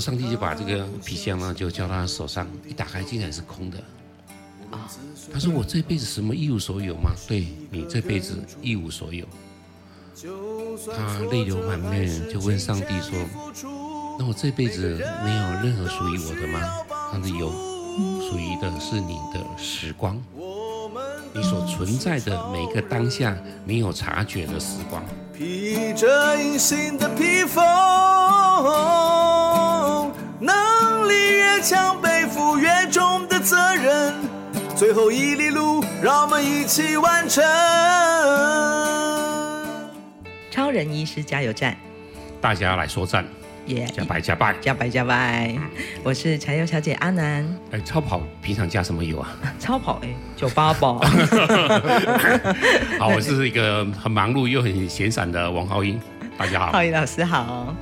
上帝就把這個皮箱呢，就交到他手上一打開，竟然是空的啊！他說：“我這輩子什麼一無所有嗎？”對，你這輩子一無所有。他淚流滿面，就問上帝說：“那我這輩子沒有任何屬於我的嗎？”上帝有，屬於的是你的時光，你所存在的每一個當下，你有察覺的時光。披着隱形的披風。強背負越重的責任，最後一哩路讓我們一起完成。超人醫師加油站，大家來說讚，耶，yeah, 加白加白加白加白。嗯、我是柴油小姐阿南。哎、欸，超跑平常加什麼油啊？超跑哎、欸，九八寶。 好，我是一個很忙碌又很閒散的王浩一。大家好，浩一老師好。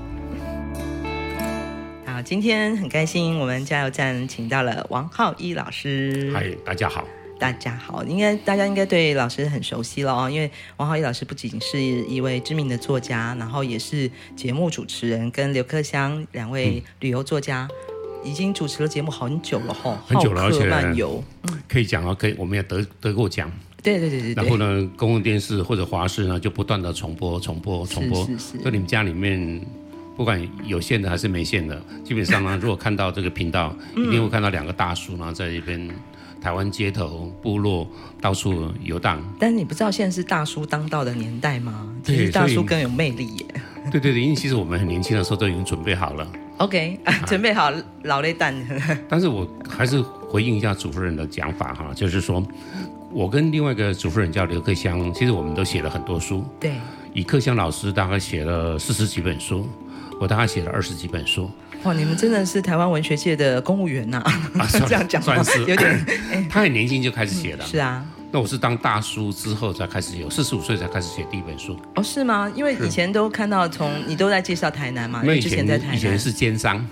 今天很開心，我們加油站請到了王浩一老師。嗨，大家好。大家好，應該大家應該對老師很熟悉了哦，因為王浩一老師不僅是一位知名的作家，然後也是節目主持人，跟劉克襄兩位旅遊作家，嗯、已經主持了節目很久了哈、哦。很久了，而且漫遊，可以講哦，可以，我們也得得過獎。對對對，對，對然後呢，公共電視或者華視呢，就不斷的重播、重播、重播，在你們家裡面。不管有線的還是沒線的，基本上呢，如果看到這個頻道，一定會看到兩個大叔呢，嗯、在這邊台灣街頭、部落到處遊蕩。但是你不知道現在是大叔當道的年代嗎？對，其實大叔更有魅力耶。對對對，因為其實我們很年輕的時候都已經準備好了。OK，、啊啊、準備好老雷蛋。但是我還是回應一下主持人的講法哈、啊，就是說，我跟另外一個主持人叫劉克襄，其實我們都寫了很多書。對，以克襄老師大概寫了四十幾本書。我大概寫了二十幾本書。哇，你們真的是台灣文學界的公務員吶？是這樣講算是有點。他很年輕就開始寫了。是啊。那我是當大叔之後才開始有，四十五歲才開始寫第一本書。哦，是嗎？因為以前都看到從你都在介紹台南嘛，你之前在台南。以前是奸商。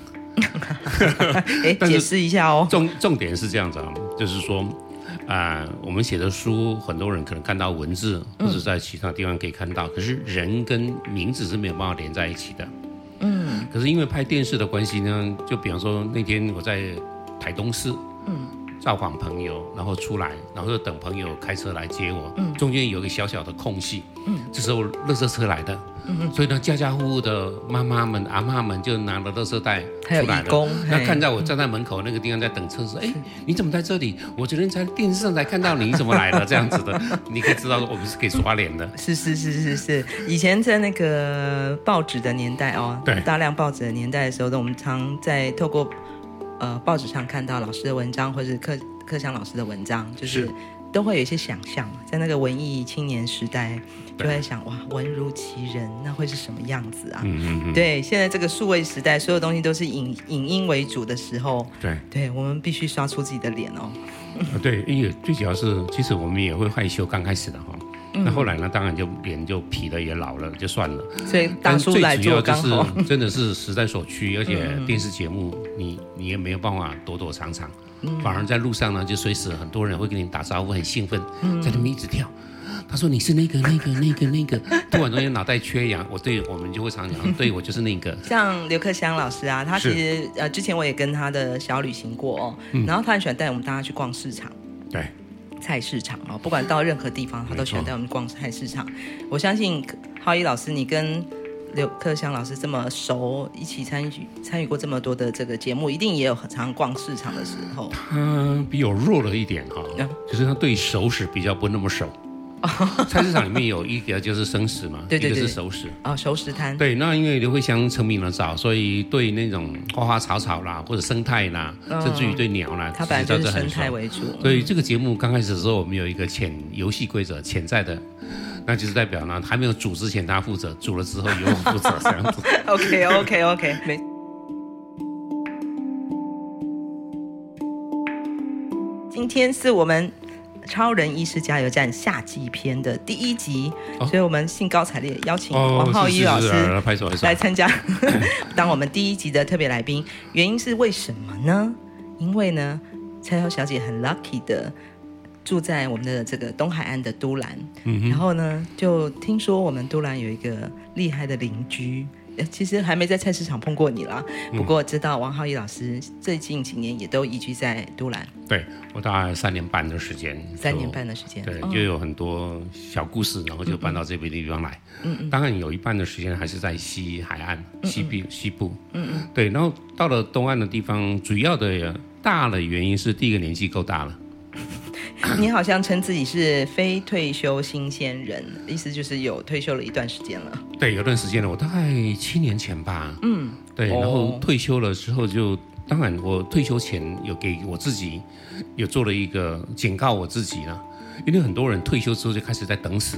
哎，解釋一下哦。重重點是這樣子啊，就是說啊，我們寫的書，很多人可能看到文字或者在其他地方可以看到，可是人跟名字是沒有辦法連在一起的。可是因為拍電視的關係呢，就比方說那天我在台東市。造訪朋友，然後出來，然後就等朋友開車來接我。嗯，中間有一個小小的空隙。嗯，這時候垃圾車來的。嗯，所以呢，家家戶戶的媽媽們、阿嬤們就拿了垃圾袋出來了。還有義工。那看到我站在門口那個地方在等車，說，哎，嗯，你怎麼在這裡？我昨天在電視上才看到你，怎麼來了？是這樣子的，你可以知道我們是可以刷臉的。是是是是是，以前在那個報紙的年代哦，對，大量報紙的年代的時候呢，我們常在透過。呃，報紙上看到老師的文章，或者是柯柯翔老師的文章，就是都會有一些想象，在那個文藝青年時代，對就在想哇，文如其人，那會是什麼樣子啊？嗯、哼哼對，現在這個數位時代，所有東西都是影影音為主的時候，對，對我們必須刷出自己的臉哦。對，因為最主要是，其實我們也會害羞，剛開始的話。那後來呢？當然就臉就皮了，也老了，就算了。所以當初來做就是真的是實在所趨。好而且電視節目你，你你也沒有辦法躲躲藏藏，嗯、反而在路上呢，就隨時很多人會跟你打招呼，很興奮，在那邊一直跳。嗯、他說：“你是那個那個那個那個。那個”那個、 突然之間腦袋缺氧，我對我們就會常常對我就是那個。像劉克襄老師啊，他其實是呃之前我也跟他的小旅行過哦，嗯、然後他很喜歡帶我們大家去逛市場。對。菜市場哦，不管到任何地方，他都喜歡帶我們逛菜市場。沒錯。我相信浩一老師，你跟劉克襄老師這麼熟，一起參與參與過這麼多的這個節目，一定也有很常逛市場的時候。他比我弱了一點哈、哦，就是他對熟食比較不那麼熟。 菜市場裡面有一個就是生食嘛，一個是熟食啊、哦，熟食攤。對，那因為劉慧香成名的早，所以對那種花花草草啦，或者生態啦，哦、甚至於對鳥啦，它本身就很生態為主。所以這個節目剛開始的時候，我們有一個潛遊戲規則，潛在的，嗯、那就是代表呢，還沒有煮之前他負責，煮了之後由我負責這 樣子。 OK OK OK，沒。今天是我們。《超人醫師加油站》夏季篇的第一集，哦、所以我們興高采烈邀請王浩一、哦、老師來參加，嗯、當我們第一集的特別來賓。原因是為什麼呢？因為呢，柴油小姐很 lucky 的住在我們的這個東海岸的都蘭，嗯、哼然後呢，就聽說我們都蘭有一個厲害的鄰居。其實還沒在菜市場碰過你了，不過知道王浩一老師最近幾年也都移居在都蘭。嗯、對我大概三,三年半的時間，三年半的時間，對，哦、又有很多小故事，然後就搬到這邊的地方來。嗯嗯，當然有一半的時間還是在西海岸、西邊、嗯嗯、西部。嗯嗯，對，然後到了東岸的地方，主要的大的原因是第一個年紀夠大了。你好像稱自己是非退休新鮮人，意思就是有退休了一段時間了。對，有段時間了，我大概七年前吧。嗯，對，然後退休了之後就，就、哦、當然我退休前有給我自己，有做了一個警告我自己了，因為很多人退休之後就開始在等死。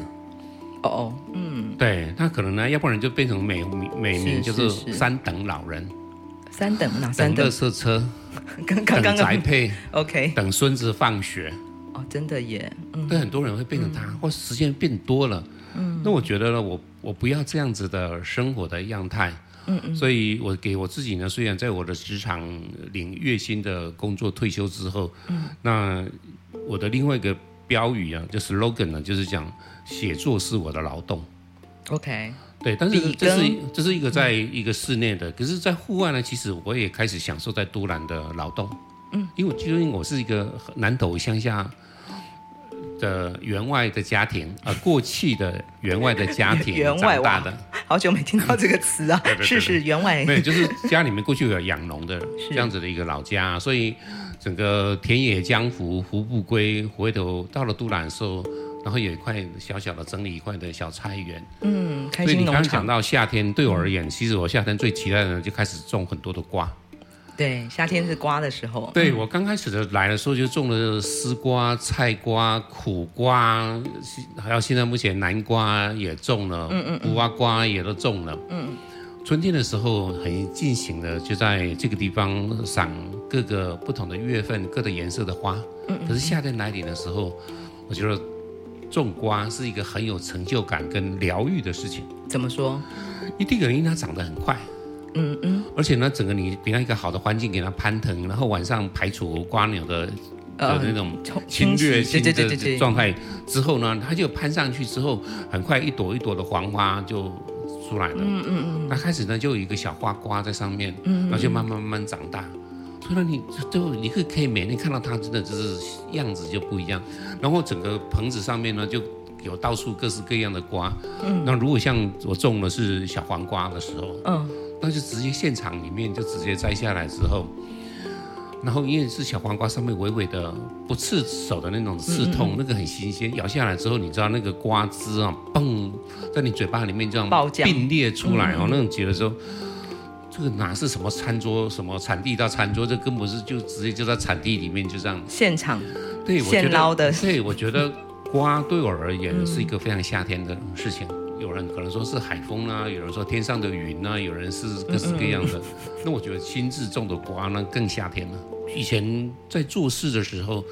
哦哦，嗯，對，那可能呢，要不然就變成每名就是三等老人，三等哪？啊、三等垃圾車，等剛剛剛宅配 OK，等孫子放學。剛剛 okay 真的耶，但、嗯、很多人會變成他，或、嗯、時間變多了。嗯，那我覺得呢，我我不要這樣子的生活的樣態。嗯嗯，嗯所以我給我自己呢，雖然在我的職場領月薪的工作退休之後，嗯，那我的另外一個標語啊，就是 slogan 呢，就是講寫作是我的勞動。OK，對，但是這是跟這是一個在一個室內的，嗯、可是在戶外呢，其實我也開始享受在都蘭的勞動。嗯、因為就因為我是一個南投鄉下，的員外的家庭，呃，過去的員外的家庭長大的員外，好久沒聽到這個詞啊， 對對對對是是員外，對就是家裡面過去有養農的是這樣子的一個老家、啊，所以整個田野江湖胡不歸，回頭到了都蘭的然後有一塊小小的整理一塊的小菜園，嗯，開心農場。所以你剛剛講到夏天，對我而言，其實我夏天最期待的就開始種很多的瓜。對，夏天是瓜的時候。對、嗯、我剛開始的來的時候，就種了絲瓜、菜瓜、苦瓜，還有現在目前南瓜也種了，苦嗯嗯嗯瓜，瓜也都種了。嗯，春天的時候很盡情的就在這個地方賞各個不同的月份、各個顏色的花。嗯嗯嗯，可是夏天來臨的時候，我覺得種瓜是一個很有成就感跟療癒的事情。怎麼說？一定有，因為它長得很快。嗯嗯，嗯而且呢，整個你給它一個好的環境，給它攀藤，然後晚上排除蝸牛的呃那種侵略性的狀態之後呢，它就攀上去之後，很快一朵一朵的黃花就出來了。嗯嗯嗯，它、嗯嗯、開始呢就有一個小花瓜在上面，嗯，嗯然後就慢慢慢慢長大。所以你就你可以每天看到它，真的就是樣子就不一樣。然後整個棚子上面呢就有到處各式各樣的瓜。嗯，那如果像我種的是小黃瓜的時候，嗯。那就直接現場裡面就直接摘下來之後，然後因為是小黃瓜，上面微微的不刺手的那種刺痛，嗯嗯，那個很新鮮。咬下來之後，你知道那個瓜汁啊，嘣，在你嘴巴裡面這樣爆漿並列出來哦，啊，那種覺得說，這個哪是什麼餐桌什麼產地到餐桌，這根本是就直接就在產地裡面就這樣。現場，對，我覺得，現撈的。對，我覺得瓜對我而言是一個非常夏天的事情。有人可能說是海風啦、啊，有人說天上的雲吶、啊，有人是各式各樣的。 那我覺得親自種的瓜呢，更夏天了。以前在做事的時候，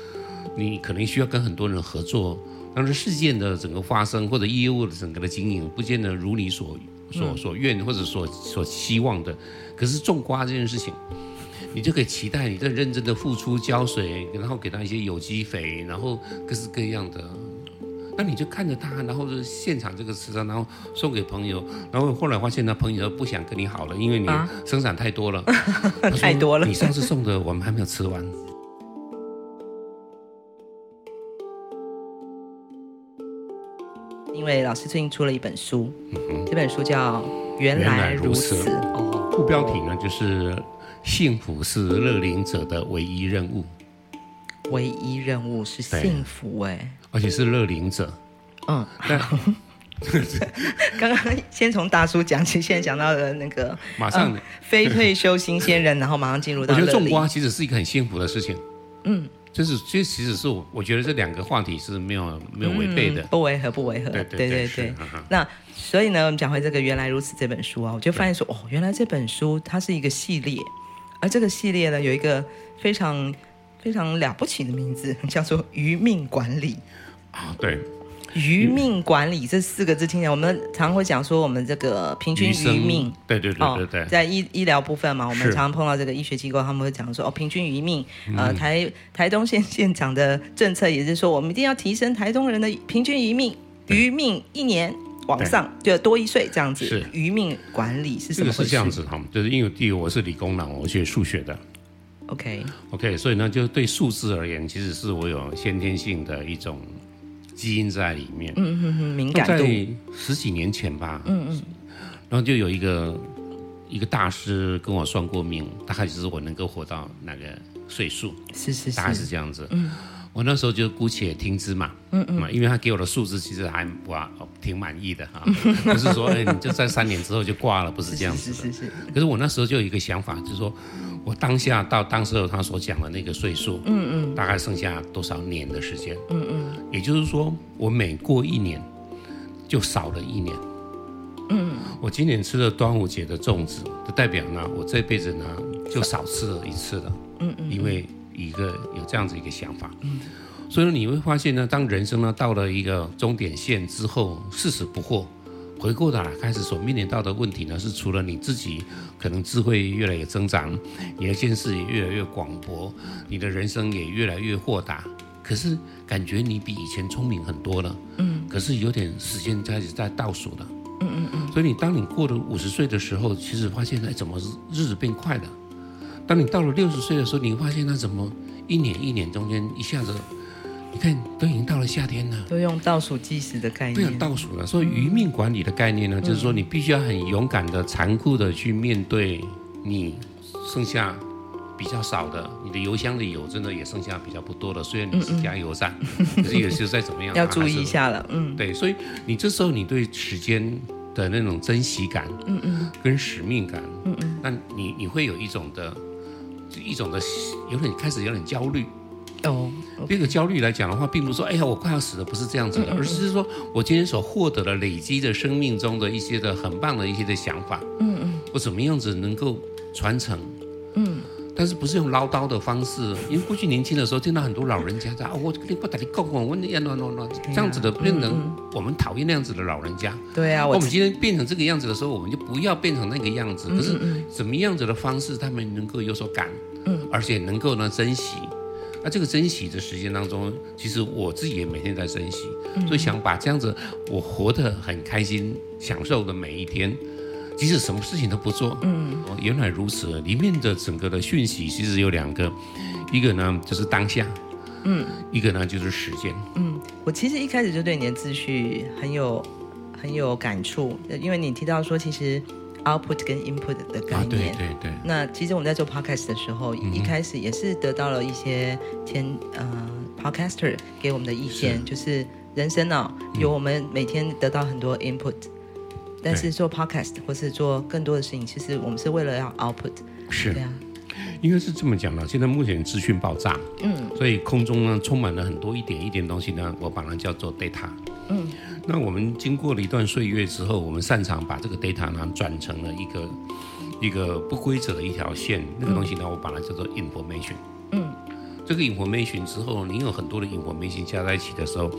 你可能需要跟很多人合作，但是事件的整個發生或者業務的整個的經營，不見得如你所所所願或者所所希望的。可是種瓜這件事情，你就可以期待你在認真的付出，澆水，然後給它一些有機肥，然後各式各樣的。那你就看着他，然後就現場這個吃上，然後送給朋友，然後後來發現他朋友都不想跟你好了，因為你生產太多了，啊、說太多了。你上次送的我們還沒有吃完。因為老師最近出了一本書，嗯、哼這本書叫《原來如此》，副、哦、標題呢就是“幸福是樂齡者的唯一任務”。唯一任務是幸福哎，而且是樂齡者。嗯，剛剛先從大叔講起，現在講到了那個馬上非退休新鮮人，然後馬上進入到。我覺得種瓜其實是一個很幸福的事情。嗯，就是這其實是我我覺得這兩個話題是沒有沒有違背的，不違和不違和。對對對，那所以呢，我們講回這個原來如此這本書啊，我就發現說哦，原來這本書它是一個系列，而這個系列呢有一個非常。非常了不起的名字，叫做“餘命管理”啊、哦！對，“餘命管理”愚 這四個字聽起來，我們常常會講說，我們這個平均餘命愚。對對對對對，哦、在醫醫療部分嘛，我們常常碰到這個醫學機構，他們會講說：“哦，平均餘命。嗯”呃，台台東縣縣長的政策也是說，我們一定要提升台東人的平均餘命，餘對命一年往上對就多一歲這樣子。是，餘命管理是什麼？是這樣子哈，就是事因為第一，我是理工男，我學數學的。OK，OK，Okay.、okay, 所以呢，就對數字而言，其實是我有先天性的一種基因在裡面。嗯嗯敏感，嗯嗯、在十幾年前吧，嗯嗯，然後就有一個一個大師跟我算過命，大概就是我能夠活到那個歲數，是是，是是大概是這樣子。嗯、我那時候就姑且聽之嘛，嗯嗯，嗯因為他給我的數字其實還我挺滿意的哈，不、嗯、是說、 欸、你就在三年之後就掛了，不是這樣子的是。是是是。是可是我那時候就有一個想法，就是說。我當下到當時候他所講的那個歲數，嗯嗯，大概剩下多少年的時間？嗯嗯，也就是說，我每過一年就少了一年。嗯，我今年吃了端午節的粽子，就代表呢，我這輩子呢就少吃了一次了。嗯嗯，因為一個有這樣子一個想法。嗯，所以你會發現呢，當人生呢到了一個終點線之後，四十不惑。回顧的開始所面臨到的問題呢，是除了你自己可能智慧越來越增長，你的見識也越來越廣博，你的人生也越來越豁達，可是感覺你比以前聰明很多了。嗯。可是有點時間開始在倒數了。嗯嗯嗯。所以你當你過了五十歲的時候，其實發現哎怎麼日子變快了？當你到了六十歲的時候，你發現那怎麼一年一年中間一下子。你看，都已經到了夏天了，都用倒數計時的概念，對倒數了。所以餘命管理的概念呢，嗯、就是說你必須要很勇敢的、殘酷的去面對你剩下比較少的，你的油箱的油真的也剩下比較不多的。雖然你是加油站，嗯嗯，可是有時候再怎麼樣 要注意一下了。嗯、啊，對，所以你這時候你對時間的那種珍惜感，嗯嗯，跟使命感，嗯嗯，那你你會有一種的，一種的有點開始有點焦慮。哦，對，oh, okay. 這個焦慮來講的話，並不是說，哎呀，我快要死了，不是這樣子的，而是說我今天所獲得的、累積的生命中的一些的很棒的一些的想法，嗯嗯，我怎麼樣子能夠傳承？嗯，但是不是用嘮叨的方式？因為過去年輕的時候，聽到很多老人家在哦，我跟地方打你告我，我那樣亂亂亂這樣子的，變成我們討厭那樣子的老人家。對啊，我，我們今天變成這個樣子的時候，我們就不要變成那個樣子。可是，怎麼樣子的方式，他們能夠有所感？嗯，而且能夠呢珍惜。那這個珍惜的時間當中，其實我自己也每天在珍惜，嗯、所以想把這樣子我活得很開心、享受的每一天，即使什麼事情都不做。嗯，原來如此，裡面的整個的訊息其實有兩個，一個呢就是當下，嗯，一個呢就是時間。嗯，我其實一開始就對你的自序很有很有感觸，因為你提到說其實。Output 跟 Input 的概念，啊、對對對，那其實我們在做 Podcast 的時候，嗯、哼一開始也是得到了一些前呃 Podcaster 給我們的意見，是就是人生呢，嗯、有我們每天得到很多 Input，嗯、但是做 Podcast 對或是做更多的事情，其實我們是為了要 Output，是，對啊，應該是這麼講的。現在目前資訊爆炸，嗯，所以空中呢充滿了很多一點一點東西呢，我把它叫做 Data。嗯，那我們經過了一段歲月之後，我們擅長把這個 data 呢，轉成了一個一個不規則的一條線，嗯，那個東西呢，我把它叫做 information。嗯，這個 information 之後，你有很多的 information 加在一起的時候，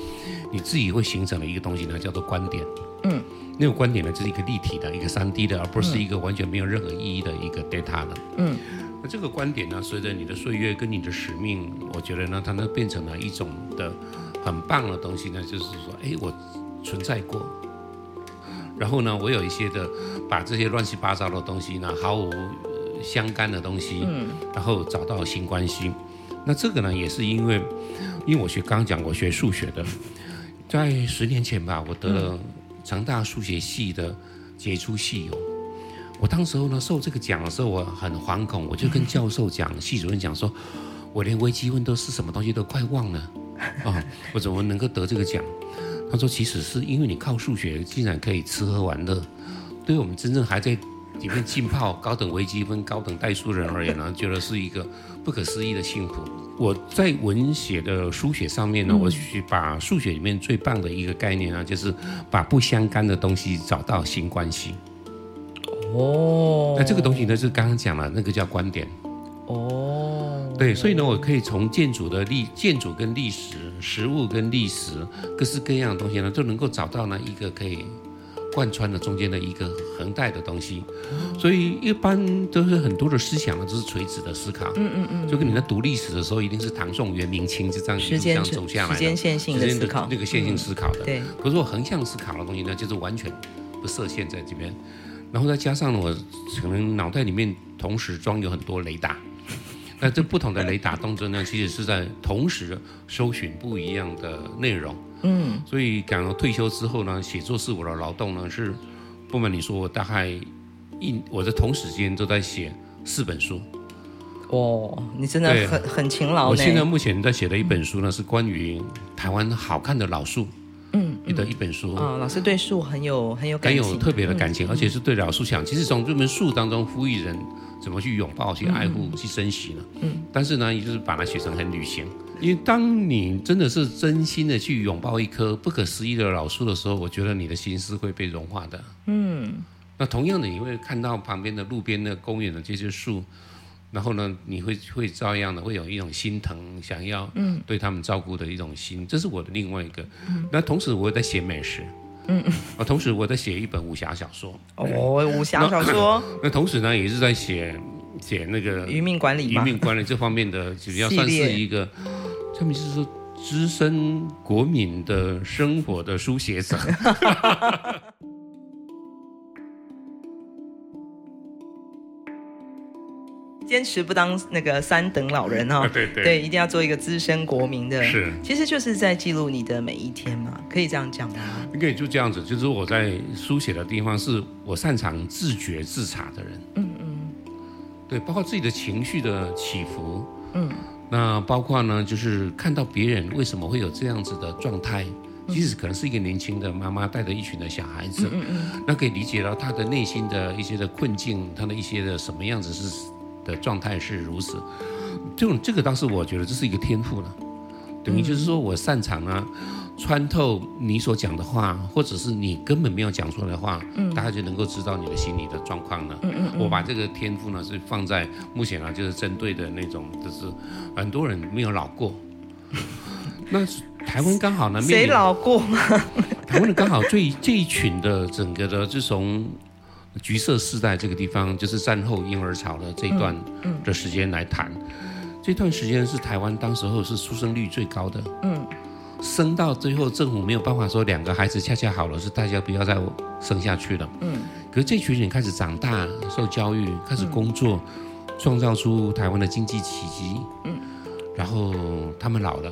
你自己會形成了一個東西呢，叫做觀點。嗯，那個觀點呢，就是一個立體的、一個三 D 的，而不是一個完全沒有任何意義的一個 data 的。嗯。嗯。這個觀點呢，隨着你的歲月跟你的使命，我覺得呢，它呢變成了一種的很棒的東西呢，就是說，哎，我存在過，然後呢，我有一些的把這些亂七八糟的東西呢，毫無相干的東西，嗯，然後找到新關係。那這個呢，也是因為，因為我學剛，剛講，我學數學的，在十年前吧，我的成大數學系的傑出系友，哦。我當時候呢，受這個獎的時候，我很惶恐，我就跟教授講、系主任講，說，我連微積分都是什麼東西都快忘了，啊，我怎麼能夠得這個獎？他說，其實是因為你靠數學竟然可以吃喝玩樂，對我們真正還在裡面浸泡高等微積分、高等代數人而言呢，啊，覺得是一個不可思議的幸福。我在文學的書寫上面呢，我去把數學裡面最棒的一個概念啊，就是把不相干的東西找到新關係。哦，oh, 那這個東西呢，是剛剛講了，那個叫觀點。哦，oh, okay. 對，所以呢，我可以從建築的歷、建築跟歷史、實物跟歷史，各式各樣的東西呢，就能夠找到呢一個可以貫穿的中間的一個橫帶的東西。Oh. 所以一般都是很多的思想呢，都、就是垂直的思考。嗯嗯嗯，嗯嗯就跟你在讀歷史的時候，一定是唐宋元明清這樣這樣走下來的線性的思考，時間那個線性思考的。嗯、對，可是我橫向思考的東西呢，就是完全不設限在這邊。然後再加上我可能腦袋裡面同時裝有很多雷達，那這不同的雷達動作呢，其實是在同時搜尋不一樣的內容。嗯，所以講到退休之後呢，寫作是我的勞動呢，是不瞞你說，我大概一我在同時間都在寫四本書。哦，你真的很很勤勞。我現在目前在寫的一本書呢，是關於台灣好看的老樹。嗯，嗯的一本書啊、哦，老師對樹很有很有感情，很有特別的感情，嗯、而且是對老樹想，嗯、其實從這本書當中呼籲人怎麼去擁抱、去愛護、嗯、去珍惜呢？嗯，但是呢，也就是把它寫成很旅行。因為當你真的是真心的去擁抱一棵不可思議的老樹的時候，我覺得你的心是會被融化的。嗯，那同樣的，你會看到旁邊的路邊的、公園的這些樹。然後呢，你會會照樣的會有一種心疼，想要嗯對他們照顧的一種心，這是我的另外一個。嗯、那同時我在寫美食，嗯，啊，同時我在寫一本武俠小說。嗯、對哦，武俠小說。那同時呢，也是在寫寫那個餘命管理，餘命管理這方面的，主要算是一個，們列就是說資深國民的生活的書寫者。 堅持不當那個三等老人哦，對對，對，一定要做一個資深國民的。是，其實就是在記錄你的每一天嘛，可以這樣講嗎？可以就這樣子，就是我在書寫的地方，是我擅長自覺自察的人。嗯嗯，對，包括自己的情緒的起伏。嗯，那包括呢，就是看到別人為什麼會有這樣子的狀態，即使可能是一個年輕的媽媽帶着一群的小孩子，那可以理解到他的內心的一些的困境，他的一些的什麼樣子是。的狀態是如此，這種這個倒是我覺得這是一個天賦了，等於就是說我擅長呢、啊、穿透你所講的話，或者是你根本沒有講出來的話，嗯，大家就能夠知道你的心理的狀況了。嗯嗯，嗯，我把這個天賦呢是放在目前呢，就是針對的那種，就是很多人沒有老過，那台灣剛好呢，誰老過嗎？台灣的剛好最這一群的整個的就從。橘色世代這個地方，就是戰後嬰兒潮的這一段的時間來談。這段時間是台灣當時候是出生率最高的。嗯，生到最後政府沒有辦法說兩個孩子恰恰好了，是大家不要再生下去了。嗯，可是這群人開始長大、受教育、開始工作，創造出台灣的經濟奇蹟。嗯，然後他們老了，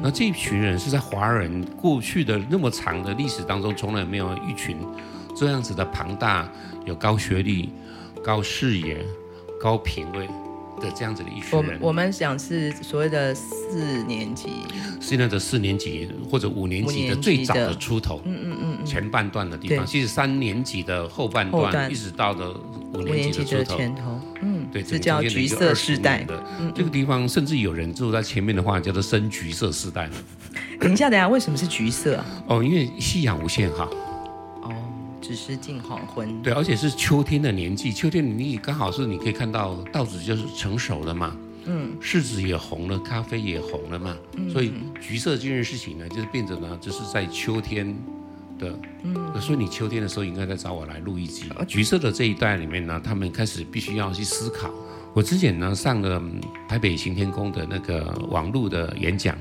那這一群人是在華人過去的那麼長的歷史當中，從來沒有一群這樣子的龐大。有高學歷、高視野、高品位的這樣子的一群人，我們想是所謂的四年級，現在的四年級或者五年級的最早的出頭，嗯嗯嗯，前半段的地方，對其實三年級的後半段一直到了五年級的，五年級的前頭，嗯，對，這叫橘色世代。這個地方甚至有人住在前面的話，叫做深橘色世代。等一下，等下，為什麼是橘色啊？哦，因為夕陽無限好。只是近黃昏。對，而且是秋天的年紀，秋天你剛好是你可以看到稻子，就是成熟了嘛，嗯，柿子也紅了，咖啡也紅了嘛，嗯、所以橘色這件事情呢，就是變成了，就是在秋天的，嗯，所以你秋天的時候應該再找我來錄一集。好橘色的這一段裡面呢，他們開始必須要去思考。我之前呢上了台北行天宮的那個網絡的演講，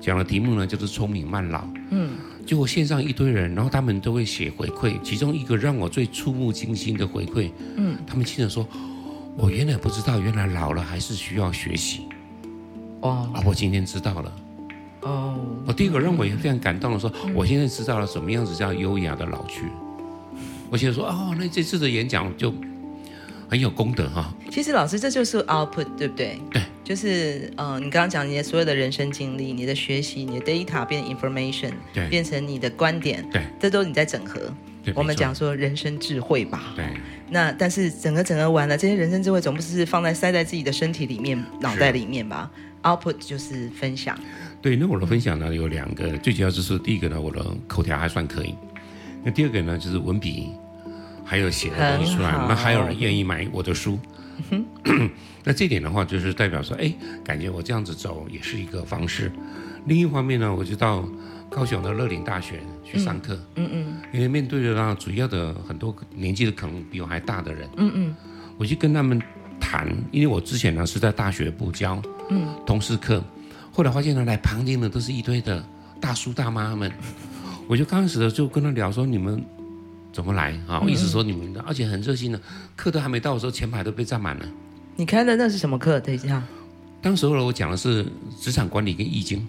講的題目呢就是聰明慢老，嗯。就我線上一堆人，然後他們都會寫回饋。其中一個讓我最觸目驚心的回饋，嗯，他們經常說：“我原來不知道，原來老了還是需要學習。哇”哦，啊，我今天知道了。哦，我第一個讓我也非常感動的說：“嗯、我現在知道了什麼樣子叫優雅的老去。嗯”我現在說：“哦，那這次的演講就很有功德哈。”其實老師這就是 output 對不對？對。就是，嗯、呃，你剛剛講，你的所有的人生經歷，你的學習，你的 data 變 information，對變成你的觀點，對，這都是你在整合。對我們講說人生智慧吧。對，那但是整合整合完了，這些人生智慧總不是，是放在塞在自己的身體裡面、腦袋裡面吧是？Output 就是分享。對，那我的分享呢有兩個，嗯、最主要就是說第一個呢，我的口條還算可以。那第二個呢，就是文筆，還有寫的東西，出來。好那還有人願意買我的書。嗯哼， 那這點的話，就是代表說，哎、欸，感覺我這樣子走也是一個方式。另一方面呢，我就到高雄的樂齡大學去上課、嗯，嗯嗯，因為面對的那主要的很多年紀的可能比我還大的人，嗯嗯，我就跟他們談，因為我之前呢是在大學部教，嗯，通識課，後來發現呢來旁聽的都是一堆的大叔大媽們，我就剛開始的就跟他聊說你們。怎麼來啊？我意思說你們，嗯、而且很熱心的，課都還沒到的時候，前排都被占滿了。你開的那是什麼課？等一下，當時候我講的是職場管理跟易經。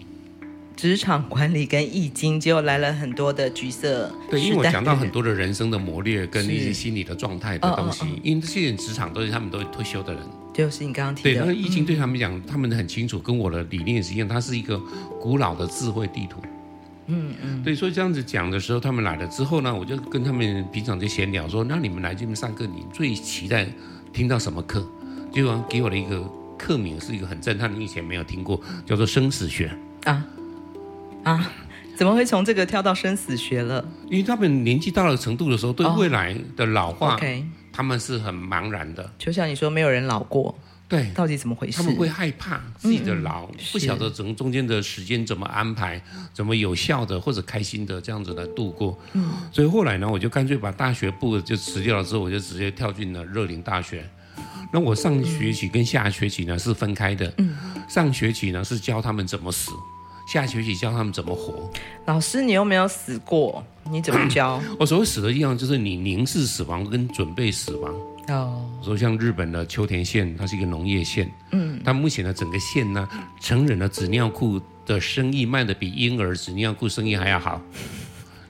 職場管理跟易經就來了很多的橘色的。對，因為我講到很多的人生的磨練跟一些心理的狀態的東西，哦哦哦、因為這些人職場都是他們都是退休的人。就是你剛剛提的。對，那個易經對他們講，嗯、他們很清楚，跟我的理念是一樣。它是一個古老的智慧地圖。嗯嗯，嗯對，所以這樣子講的時候，他們來了之後呢，我就跟他們平常就閒聊說，那你們來這邊上課，你最期待聽到什麼課？結果、啊、給我了一個課名是一個很震撼，你以前沒有聽過，叫做生死學。啊啊，啊怎麼會從這個跳到生死學了？因為他們年紀到了程度的時候，對未來的老化，哦 okay、他們是很茫然的。就像你說，沒有人老過。對，到底怎麼回事？他們會害怕自己的老，嗯、不曉得從中間的時間怎麼安排，是怎麼有效的或者開心的這樣子來度過。嗯、所以後來呢，我就乾脆把大學部就辭掉了，之後我就直接跳進了樂齡大學。那我上學期跟下學期呢是分開的，嗯、上學期呢是教他們怎麼死，下學期教他們怎麼活。老師，你又沒有死過，你怎麼教？嗯、我所謂死的意象，就是你凝視死亡跟準備死亡。哦，說、oh. 像日本的秋田縣，它是一個農業縣，嗯，但目前的整個縣呢，成人的紙尿褲的生意賣的比嬰兒紙尿褲生意還要好，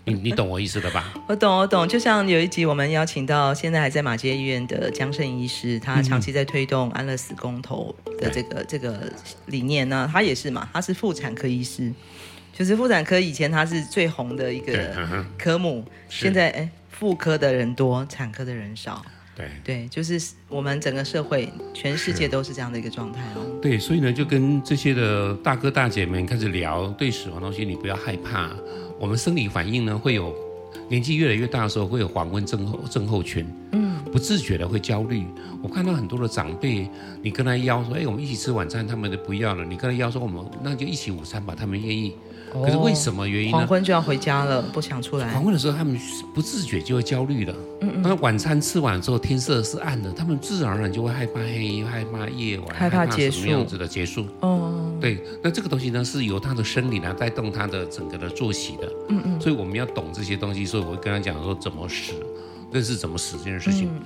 你你懂我意思的吧？我懂，我懂。就像有一集我們邀請到現在還在馬偕醫院的江盛醫師，他長期在推動安樂死公投的這個、嗯、這個理念呢，他也是嘛，他是婦產科醫師，就是婦產科以前他是最紅的一個科目，嗯、哼現在哎，婦科的人多，產科的人少。對對，就是我們整個社會，全世界都是這樣的一個狀態哦。對，所以呢，就跟這些的大哥大姐們開始聊，對死亡東西你不要害怕。我們生理反應呢，會有年紀越來越大的時候會有黃昏症候症候群，嗯，不自覺的會焦慮。我看到很多的長輩，你跟他邀說，哎，我們一起吃晚餐，他們都不要了。你跟他邀說，我們那就一起午餐吧，他們願意。可是為什麼原因呢？黃、哦、昏就要回家了，不想出來。黃昏的時候，他們不自覺就會焦慮的。嗯、那、嗯、晚餐吃完之後，天色是暗的，他們自然而然就會害怕黑，害怕夜晚，害怕、結束，害怕什麼樣子的結束。哦。對，那這個東西呢，是由他的生理來帶動他的整個的作息的。嗯、嗯，所以我們要懂這些東西，所以我會跟他講說，怎麼死，那是怎麼死這件事情。嗯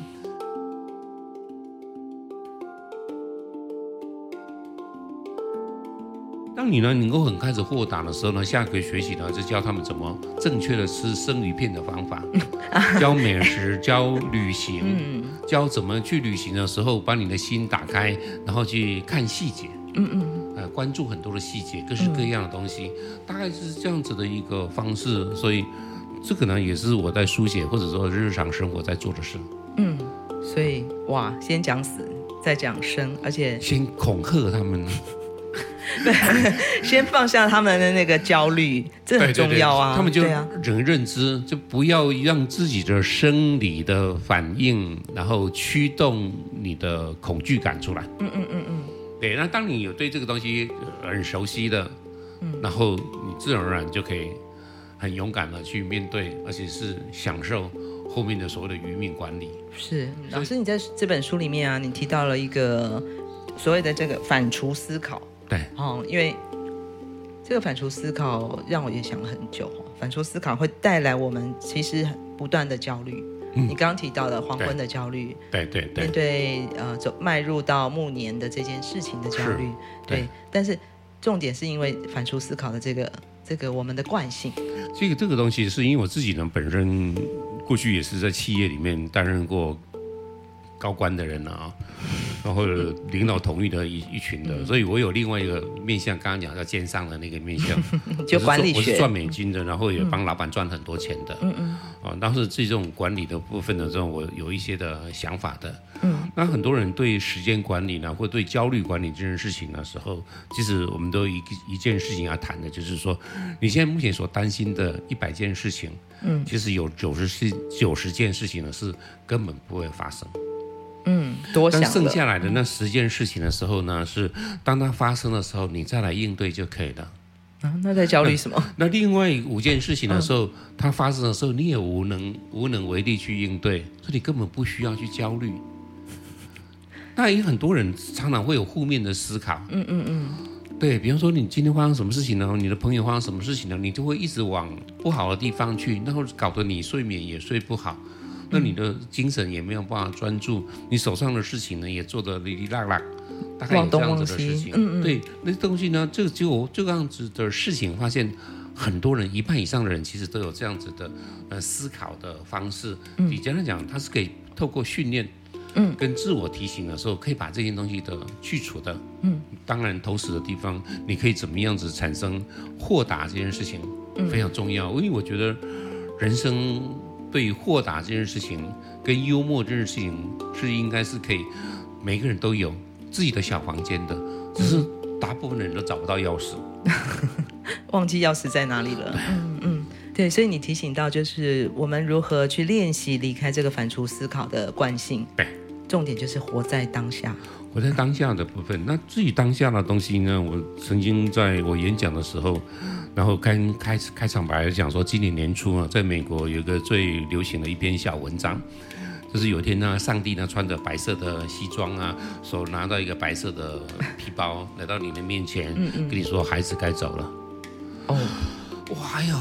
當你呢，你能夠很開始豁達的時候呢，下個學期呢就教他們怎麼正確的吃生魚片的方法， 教美食， 教旅行，嗯、教怎麼去旅行的時候把你的心打開，然後去看細節，嗯嗯，呃、嗯、關注很多的細節，各式各樣的東西，嗯、大概是這樣子的一個方式，所以這個呢也是我在書寫或者說日常生活在做的事。嗯，所以哇，先講死再講生，而且先恐嚇他們。 對，先放下他們的那個焦慮，這很重要啊。對對對，他們就對啊，人認知就不要讓自己的生理的反應，然後驅動你的恐懼感出來。嗯嗯嗯嗯。嗯嗯對，那當你有對這個東西很熟悉的，嗯，然後你自然而然就可以很勇敢的去面對，而且是享受後面的所謂的餘命管理。是，所以，老師，你在這本書裡面啊，你提到了一個所謂的這個反芻思考。對，哦，因為這個反芻思考讓我也想了很久。反芻思考會帶來我們其實不斷的焦慮。嗯，你剛剛提到了黃昏的焦慮，對對對，對對對，面對呃走邁入到暮年的這件事情的焦慮，是對。對，但是重點是因為反芻思考的這個這個我們的慣性，這個這個東西是因為我自己呢本身過去也是在企業裡面擔任過。高官的人了啊，然後領導同意的一一群的，所以我有另外一個面向，剛剛講叫奸商的那個面向。 就管理我是，我是賺美金的，然後也幫老闆賺很多錢的。嗯嗯。啊，當時這種管理的部分的時候，我有一些的想法的。嗯。那很多人對時間管理呢，或者對焦慮管理這件事情的時候，其實我們都一一件事情要談的，就是說，你現在目前所擔心的一百件事情，嗯，其實有九十四、九十件事情呢是根本不會發生。嗯，多想。但剩下來的那十件事情的時候呢，嗯、是當它發生的時候，你再來應對就可以了。啊，那在焦慮什麼？那那另外五件事情的時候，嗯嗯、它發生的時候，你也無能無能為力去應對，所以你根本不需要去焦慮。嗯、那也很多人常常會有負面的思考，嗯嗯嗯，嗯對比方說，你今天發生什麼事情了，你的朋友發生什麼事情了，你就會一直往不好的地方去，然後搞得你睡眠也睡不好。那你的精神也沒有辦法專注，你手上的事情呢，也做得哩哩啦啦。大概有這樣子的事情。嗯嗯。嗯對，那東西呢，這就、個、這個樣子的事情，發現很多人一半以上的人其實都有這樣子的呃思考的方式。嗯。你簡單講，他是可以透過訓練，嗯，跟自我提醒的時候，嗯、可以把這些東西的去除的。嗯。當然，投食的地方，你可以怎麼樣子產生豁達這件事情非常重要，嗯、因為我覺得人生。對，豁達這件事情，跟幽默這件事情，是應該是可以每個人都有自己的小房間的，只是大部分的人都找不到鑰匙，嗯、 忘記鑰匙在哪裡了。對嗯，嗯對，所以你提醒到，就是我們如何去練習離開這個反芻思考的慣性，對重點就是活在當下。活在當下的部分，那至於當下的東西呢？我曾經在我演講的時候。然後開開開場白講說，今年年初啊，在美國有一個最流行的一篇小文章，就是有一天呢，上帝呢穿着白色的西裝啊，手拿到一個白色的皮包，來到你的面前，跟你說：“孩子該走了。”哦，我還有，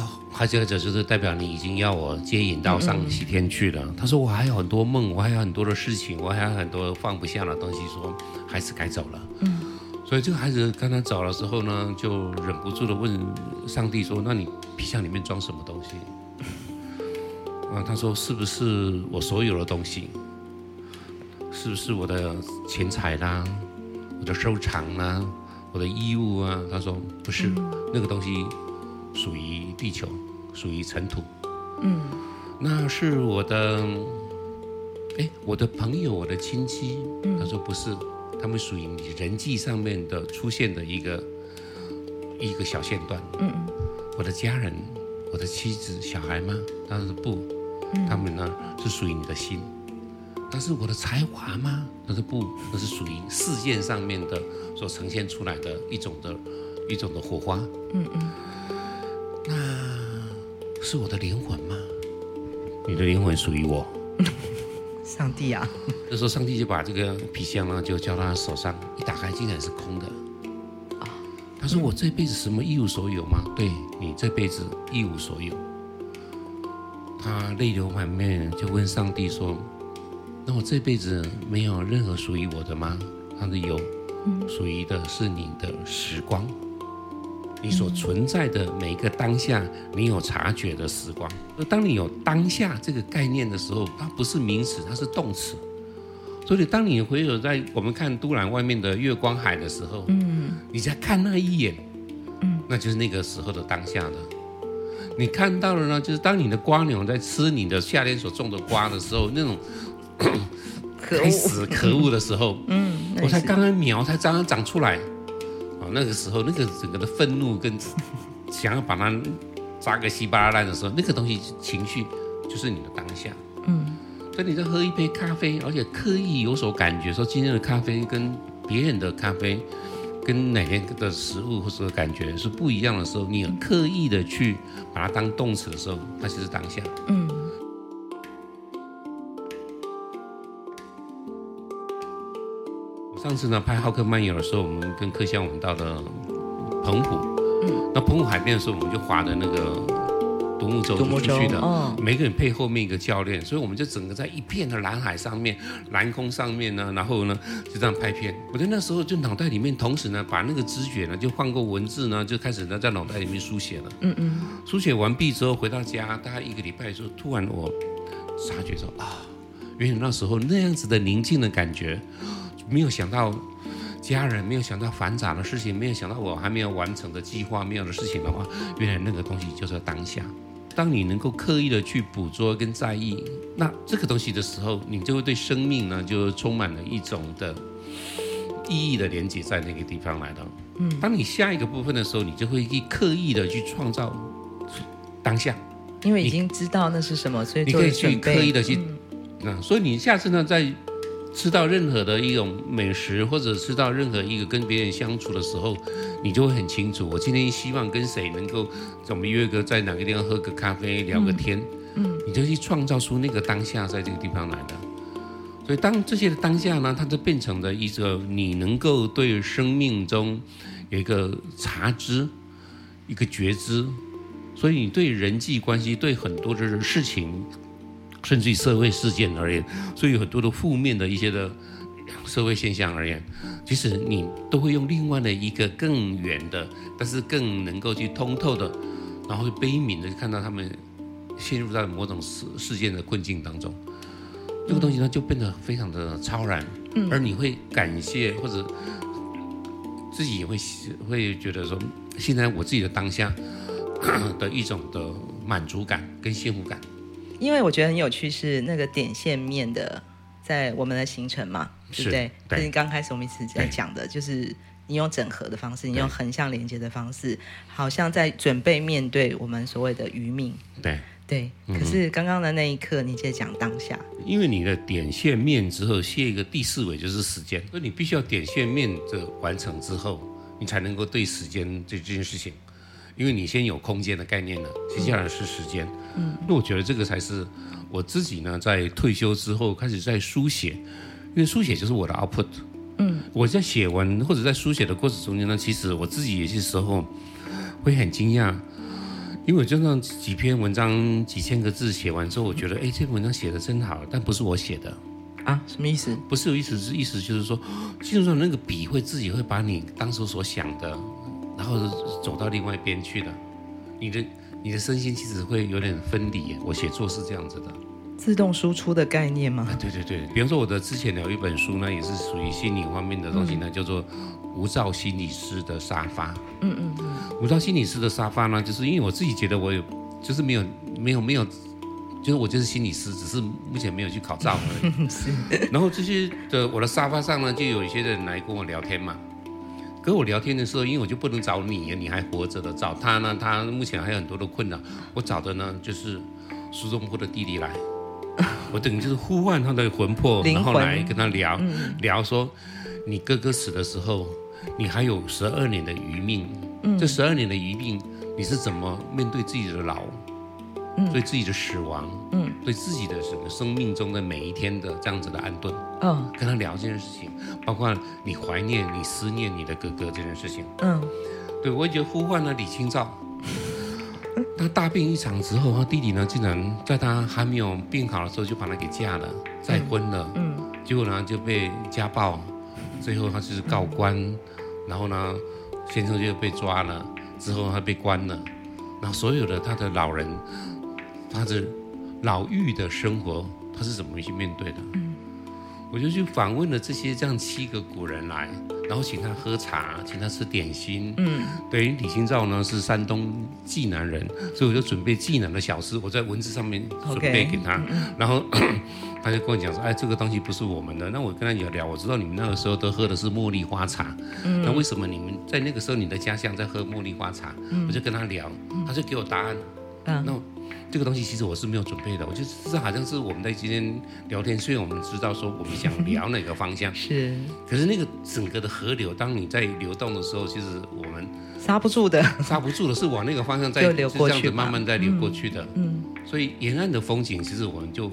接着就是代表你已經要我接引到上西天去了。他說：“我還有很多夢，我還有很多的事情，我還有很多放不下的東西說，說孩子該走了。”所以這個孩子剛他走了之後呢，就忍不住的問。上帝說：“那你皮箱裡面裝什麼東西？”啊，他說：“是不是我所有的東西？是不是我的錢財啦、我的收藏啦、我的衣物啊？”他說：“不是，嗯、那個東西屬於地球，屬於塵土。嗯，那是我的。哎，我的朋友、我的親戚，他說不是，嗯、他們屬於你人際上面的出現的一個。”一個小線段。嗯嗯。我的家人，我的妻子、小孩嗎？他說不。嗯。他們呢，是屬於你的心。但是我的才華嗎？他是不，那是屬於事件上面的所呈現出來的一種的，一種的火花。嗯嗯。那是我的靈魂嗎？你的靈魂屬於我。上帝啊！這時候上帝就把這個皮箱呢，就交到他手上，一打開，竟然是空的。他說：“我這輩子什麼一無所有嗎？”“對你這輩子一無所有。”他淚流滿面，就問上帝說：“那我這輩子沒有任何屬於我的嗎？”他說有，屬於的是你的時光，你所存在的每一個當下，你有察覺的時光。而當你有當下這個概念的時候，它不是名詞，它是動詞。所以，當你回首在我們看都蘭外面的月光海的時候，嗯，你再看那一眼，嗯，那就是那個時候的當下的。你看到了呢，就是當你的蝸牛在吃你的夏天所種的瓜的時候，那種咳咳可死可惡的時候，嗯，我才剛剛苗才剛剛長出來，那個時候那個整個的憤怒跟想要把它砸個稀巴爛的時候，那個東西情緒就是你的當下，嗯。跟你在喝一杯咖啡，而且刻意有所感覺，說今天的咖啡跟別人的咖啡，跟哪天的食物或者感覺是不一樣的時候，你有刻意的去把它當動詞的時候，那就是當下。嗯。上次呢，拍《浩克漫遊》的時候，我們跟克襄，我們到了澎湖。嗯。那澎湖海邊的時候，我們就划的那個。獨木舟出去的，每個人配後面一個教練，所以我們就整個在一片的藍海上面、藍空上面呢，然後呢就這樣拍片。我在那時候就腦袋裡面同時呢，把那個知覺呢就換過文字呢，就開始呢在腦袋裡面書寫了。嗯嗯。書寫完畢之後回到家，大概一個禮拜之後，突然我察覺說啊，原來那時候那樣子的寧靜的感覺，沒有想到家人，沒有想到繁雜的事情，沒有想到我還沒有完成的計劃，沒有的事情的話，原來那個東西就是當下。當你能夠刻意的去捕捉跟在意那這個東西的時候，你就會對生命呢就充滿了一種的意義的連接在那個地方來的。嗯，當你下一個部分的時候，你就會去刻意的去創造當下，因為已經知道那是什麼，你所以你可以去刻意的去，嗯嗯。所以你下次呢再，在吃到任何的一種美食，或者吃到任何一個跟別人相處的時候，你就會很清楚。我今天希望跟誰能夠怎麼約個，在哪個地方喝個咖啡，聊個天，嗯，嗯，你就去創造出那個當下在這個地方來的。所以，當這些的當下呢，它就變成了一個你能夠對生命中有一個察知，一個覺知。所以，你對人際關係，對很多的事情。甚至於社會事件而言，所以有很多的負面的一些的社會現象而言，其實你都會用另外的一個更遠的，但是更能夠去通透的，然後悲憫的看到他們陷入在某種事事件的困境當中，這個東西呢就變得非常的超然，而你會感謝或者自己也會會覺得說，現在我自己的當下咳咳的一種的滿足感跟幸福感。因為我覺得很有趣，是那個點線面的，在我們的行程嘛，是，對不對？就是，是剛開始我們一直在講的，對就是你用整合的方式，對你用橫向連接的方式，好像在準備面對我們所謂的餘命。對對，對嗯、哼可是剛剛的那一刻，你在講當下。因為你的點線面之後，卸一個第四維，就是時間，所以你必須要點線面的完成之後，你才能夠對時間這這件事情，因為你先有空間的概念了，接下來是時間。嗯嗯，那我覺得這個才是我自己呢。在退休之後開始在書寫，因為書寫就是我的 output。嗯，我在寫文或者在書寫的過程中間呢，其實我自己有些時候會很驚訝，因為我就像幾篇文章幾千個字寫完之後，我覺得哎，這篇文章寫的真好，但不是我寫的啊？什麼意思？不是有意思是意思就是說，基本上那個筆會自己會把你當時所想的，然後走到另外一邊去的。你的。你的身心其實會有點分離，我寫作是這樣子的，自動輸出的概念嗎？啊、對對對，比方說我的之前有一本書呢，也是屬於心理方面的東西呢，嗯、叫做“無照心理師的沙發”。嗯嗯嗯，“無照心理師的沙發”呢，就是因為我自己覺得我有，就是沒有沒有沒有，就是我就是心理師，只是目前沒有去考照而已。嗯、然後這些的我的沙發上呢，就有一些人來跟我聊天嘛。跟我聊天的時候，因為我就不能找你，你還活着的找他呢，他目前還有很多的困難。我找的呢，就是蘇東坡的弟弟來，我等於就是呼喚他的魂魄，魂然後來跟他聊，嗯、聊說，說你哥哥死的時候，你還有十二年的餘命，嗯、這十二年的餘命，你是怎麼面對自己的老？對自己的死亡，嗯，對自己的什麼生命中的每一天的這樣子的安頓，嗯，跟他聊這件事情，包括你懷念、你思念你的哥哥這件事情，嗯，對，我已經呼喚了李清照。他大病一場之後，他弟弟呢竟然在他還沒有病好的時候就把他給嫁了，再婚了，嗯，結、嗯、果呢就被家暴，最後他就是告官，嗯、然後呢先生就被抓了，之後他被關了，然後所有的他的老人。他的老嫗的生活，他是怎麼去面對的？嗯，我就去訪問了這些這樣七個古人來，然後請他喝茶，請他吃點心。嗯，對，李清照呢是山東濟南人，所以我就準備濟南的小吃。我在文字上面準備給他，okay, 然後，嗯，他就跟我講說：“哎，這個東西不是我們的。”那我跟他聊聊，我知道你們那個時候都喝的是茉莉花茶。嗯，那為什麼你們在那個時候你的家鄉在喝茉莉花茶？嗯，我就跟他聊，他就給我答案。嗯，那。這個東西其實我是沒有準備的，我覺得這是好像是我們在今天聊天。雖然我們知道說我們想聊哪個方向，是，可是那個整個的河流，當你在流動的時候，其實我們剎不住的，剎不住的是往那個方向在流過去嘛，這樣子慢慢在流過去的。嗯，嗯，所以沿岸的風景其實我們就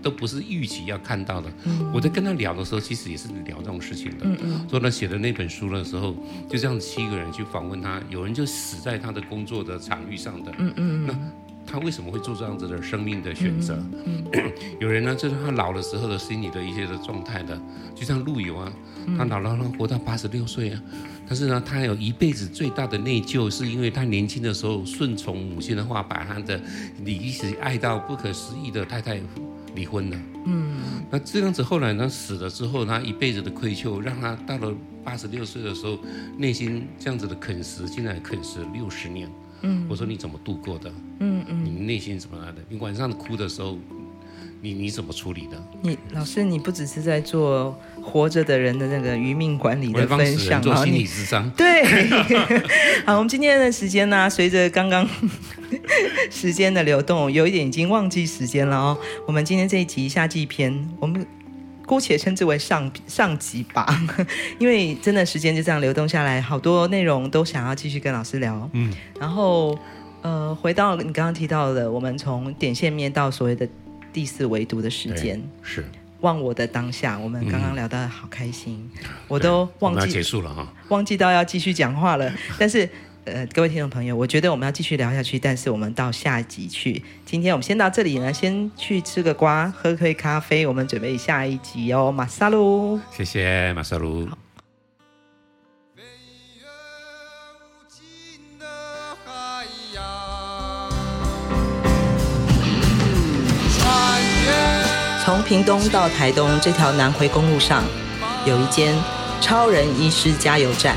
都不是預期要看到的。嗯、我在跟他聊的時候，其實也是聊這種事情的。嗯，所以、嗯、他寫的那本書的時候，就這樣七個人去訪問他，有人就死在他的工作的場域上的。嗯嗯。嗯，那他為什麼會做這樣子的生命的選擇？有人呢，就是他老的時候的心理的一些的狀態的，就像陸游啊，他老了能活到八十六歲啊，但是呢，他有一輩子最大的內疚，是因為他年輕的時候順從母親的話，把他的，你一直愛到不可思議的太太離婚了。嗯，那這樣子後來呢，死了之後，他一輩子的愧疚，讓他到了八十六歲的時候，內心這樣子的啃食，現在啃食六十年。嗯，我說你怎麼度過的？嗯嗯，嗯，你內心怎麼來的？你晚上哭的時候，你你怎麼處理的？你老師，你不只是在做活着的人的那個餘命管理的分享，做心理智商。 對，好，我們今天的時間呢，啊，隨着剛剛時間的流動，有一點已經忘記時間了哦。我們今天這一集夏季篇，我們。姑且稱之為上上級吧，因為真的時間就這樣流動下來，好多內容都想要繼續跟老師聊。嗯，然後呃，回到你剛剛提到的，我們從點線面到所謂的第四維度的時間，是忘我的當下。我們剛剛聊到的好開心，嗯、我都忘記結束了哈，忘記到要繼續講話了，但是。 呃，各位聽眾朋友，我覺得我們要繼續聊下去，但是我們到下一集去。今天我們先到這裡呢，先去吃個瓜，喝杯咖啡，我們準備下一集哦，馬薩路，謝謝馬薩路。好飛越無盡的海洋，從屏東到台東這條南迴公路上，有一間超人醫師加油站。